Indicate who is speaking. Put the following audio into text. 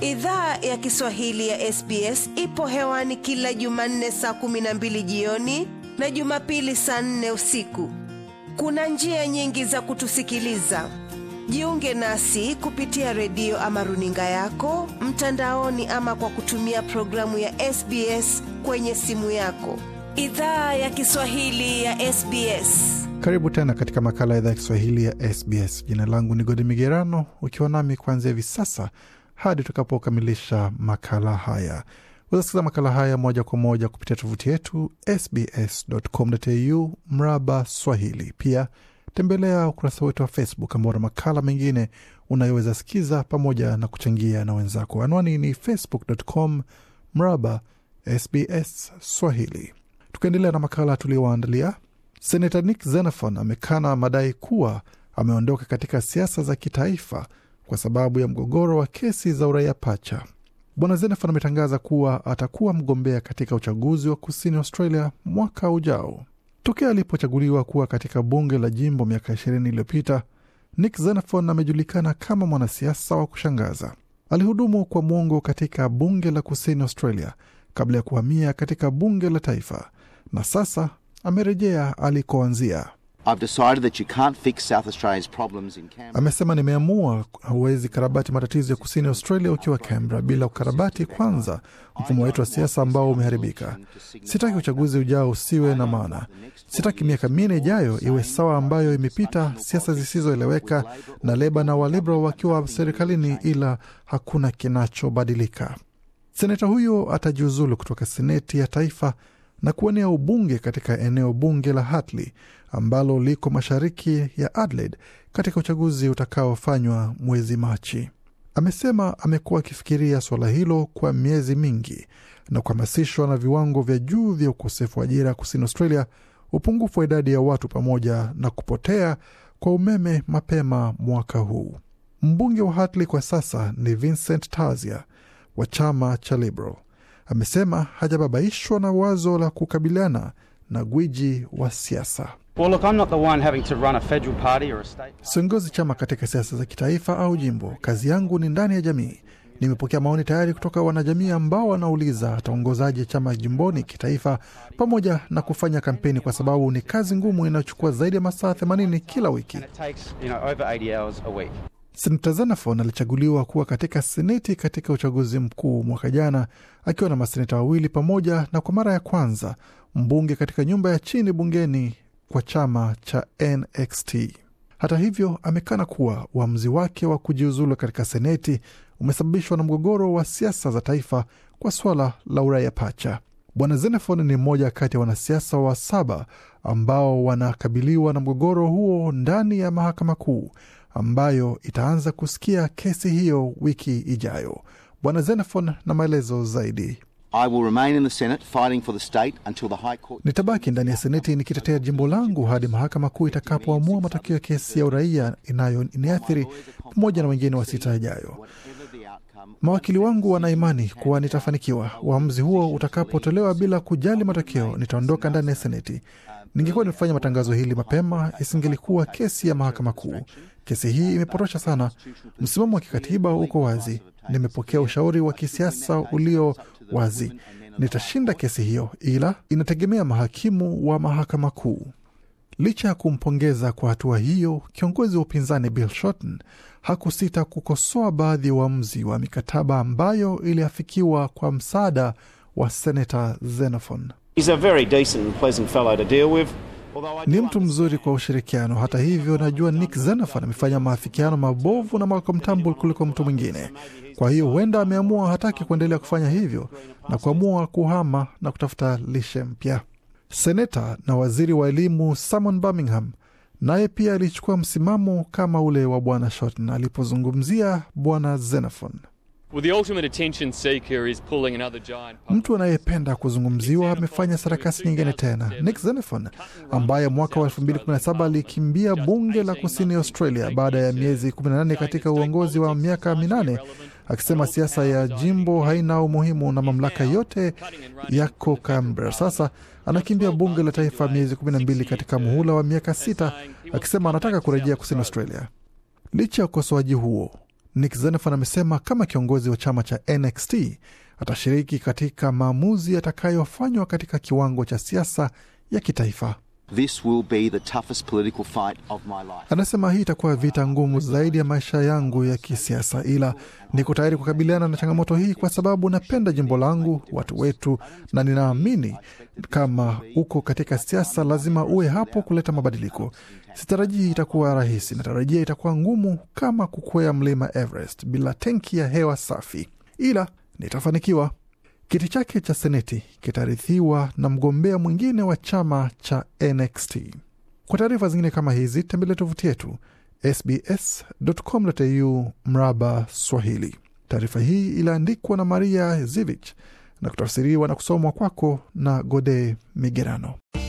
Speaker 1: Idhaa ya Kiswahili ya SBS ipo hewani kila Jumanne saa kumi na mbili jioni na Jumapili saa nne usiku. Kuna njia nyingi za kutusikiliza. Jiunge nasi kupitia redio ama runinga yako mtandaoni, ama kwa kutumia programu ya SBS kwenye simu yako. Idhaa ya Kiswahili ya SBS.
Speaker 2: Karibu tena katika makala ya idhaa ya Kiswahili ya SBS. Jina langu ni Godi Migerano, ukiwa nami kuanzia hivi sasa hadi tutakapokamilisha makala haya. Wazasikiza makala haya moja kwa moja kupitia tovuti yetu sbs.com.au mraba Swahili. Pia tembelea ukurasa wetu wa Facebook ambao na makala mengine unayoweza sikiza pamoja na kuchangia na wenzako. Anwani ni facebook.com mraba SBS Swahili. Tukaendelea na makala tuliyowaandalia. Senata Nick Xenophon amekana madai kuwa ameondoka katika siasa za kitaifa kwa sababu ya mgogoro wa kesi za uraia pacha. Bwana Zenefan ametangaza kuwa atakuwa mgombea katika uchaguzi wa kusini Australia mwaka ujao. Tokea alipochaguliwa kuwa katika bunge la jimbo miaka ishirini iliyopita, Nick Zenefon amejulikana kama mwanasiasa wa kushangaza. Alihudumu kwa mwongo katika bunge la kusini Australia kabla ya kuhamia katika bunge la taifa, na sasa amerejea alikoanzia. Amesema nimeamua hauwezi karabati matatizo ya kusini Australia ukiwa Canberra bila ukarabati kwanza mfumo wetu wa siasa ambao umeharibika. Sitaki uchaguzi ujao usiwe na maana. Sitaki miaka minne ijayo iwe sawa ambayo imepita, siasa zisizoeleweka na Leba na Walibra wakiwa serikalini, ila hakuna kinachobadilika. Seneta huyo atajiuzulu kutoka seneti ya taifa na kuwania ubunge katika eneo bunge la Hartley ambalo liko mashariki ya Adelaide katika uchaguzi utakaofanywa mwezi Machi. Amesema amekuwa akifikiria suala hilo kwa miezi mingi na kuhamasishwa na viwango vya juu vya ukosefu wa ajira kusini Australia, upungufu wa idadi ya watu pamoja na kupotea kwa umeme mapema mwaka huu. Mbunge wa hatley kwa sasa ni Vincent Tazia wa chama cha Liberal. Amesema hajababaishwa na wazo la kukabiliana na gwiji wa siasa. Siongozi chama katika siasa za kitaifa au jimbo. Kazi yangu ni ndani ya jamii. Nimepokea maoni tayari kutoka wanajamii ambao wanauliza ataongozaje chama jimboni, kitaifa, pamoja na kufanya kampeni, kwa sababu ni kazi ngumu inayochukua zaidi ya masaa 80 kila wiki. Senata Xenophon alichaguliwa kuwa katika seneti katika uchaguzi mkuu mwaka jana, akiwa na maseneta wawili pamoja na kwa mara ya kwanza mbunge katika nyumba ya chini bungeni kwa chama cha NXT. Hata hivyo, amekana kuwa uamuzi wake wa kujiuzulu katika seneti umesababishwa na mgogoro wa siasa za taifa kwa suala la uraia pacha. Bwana Zenefon ni mmoja kati ya wanasiasa wa saba ambao wanakabiliwa na mgogoro huo ndani ya mahakama kuu ambayo itaanza kusikia kesi hiyo wiki ijayo. Bwana Zenefon na maelezo zaidi. Nitabaki ndani ya Seneti nikitetea jimbo langu hadi mahakama kuu itakapoamua matokeo ya kesi ya uraia inayoniathiri pamoja na wengine wa sita yajayo. Mawakili wangu wana imani kuwa nitafanikiwa. Uamuzi huo utakapotolewa bila kujali matokeo, nitaondoka ndani ya Seneti. Ningekuwa nimefanya matangazo hili mapema, isingelikuwa kesi ya mahakama kuu. Kesi hii imepotosha sana. Msimamo wa kikatiba uko wazi. Nimepokea ushauri wa kisiasa ulio wazi, nitashinda kesi hiyo, ila inategemea mahakimu wa mahakama kuu. Licha ya kumpongeza kwa hatua hiyo, kiongozi wa upinzani Bill Shorten hakusita kukosoa baadhi ya uamuzi wa mikataba ambayo iliafikiwa kwa msaada wa senata Xenophon.
Speaker 1: He's a very decent and pleasant fellow to deal with
Speaker 2: ni mtu mzuri kwa ushirikiano. Hata hivyo, najua Nick Xenophon amefanya maafikiano mabovu na Malcolm Turnbull kuliko mtu mwingine. Kwa hiyo huenda ameamua hataki kuendelea kufanya hivyo na kuamua kuhama na kutafuta lishe mpya. Seneta na waziri wa elimu Simon Birmingham naye pia alichukua msimamo kama ule wa bwana Shorten alipozungumzia bwana Xenophon. Mtu anayependa kuzungumziwa amefanya sarakasi nyingine tena. Nick Xenophon ambaye mwaka wa 217 alikimbia bunge la kusini Australia baada ya miezi 18 katika uongozi wa miaka minane akisema siasa ya jimbo haina umuhimu na mamlaka yote yako cambra Sasa anakimbia bunge la taifa miezi 12 katika muhula wa miaka sita akisema anataka kurejea kusini Australia. Licha ya ukosoaji huo Nick Xenophon amesema kama kiongozi wa chama cha NXT atashiriki katika maamuzi yatakayofanywa katika kiwango cha siasa ya kitaifa. This will be the toughest political fight of my life. Anasema hii itakuwa vita ngumu zaidi ya maisha yangu ya kisiasa, ila niko tayari kukabiliana na changamoto hii kwa sababu napenda jimbo langu, watu wetu, na ninaamini kama uko katika siasa lazima uwe hapo kuleta mabadiliko. Sitarajii itakuwa rahisi, natarajia itakuwa ngumu kama kukwea mlima Everest bila tenki ya hewa safi, ila nitafanikiwa. Kiti chake cha seneti kitarithiwa na mgombea mwingine wa chama cha NXT. Kwa taarifa zingine kama hizi tembele tovuti yetu sbs.com.au mraba Swahili. Taarifa hii iliandikwa na Maria Zivich na kutafsiriwa na kusomwa kwako na Gode Migerano.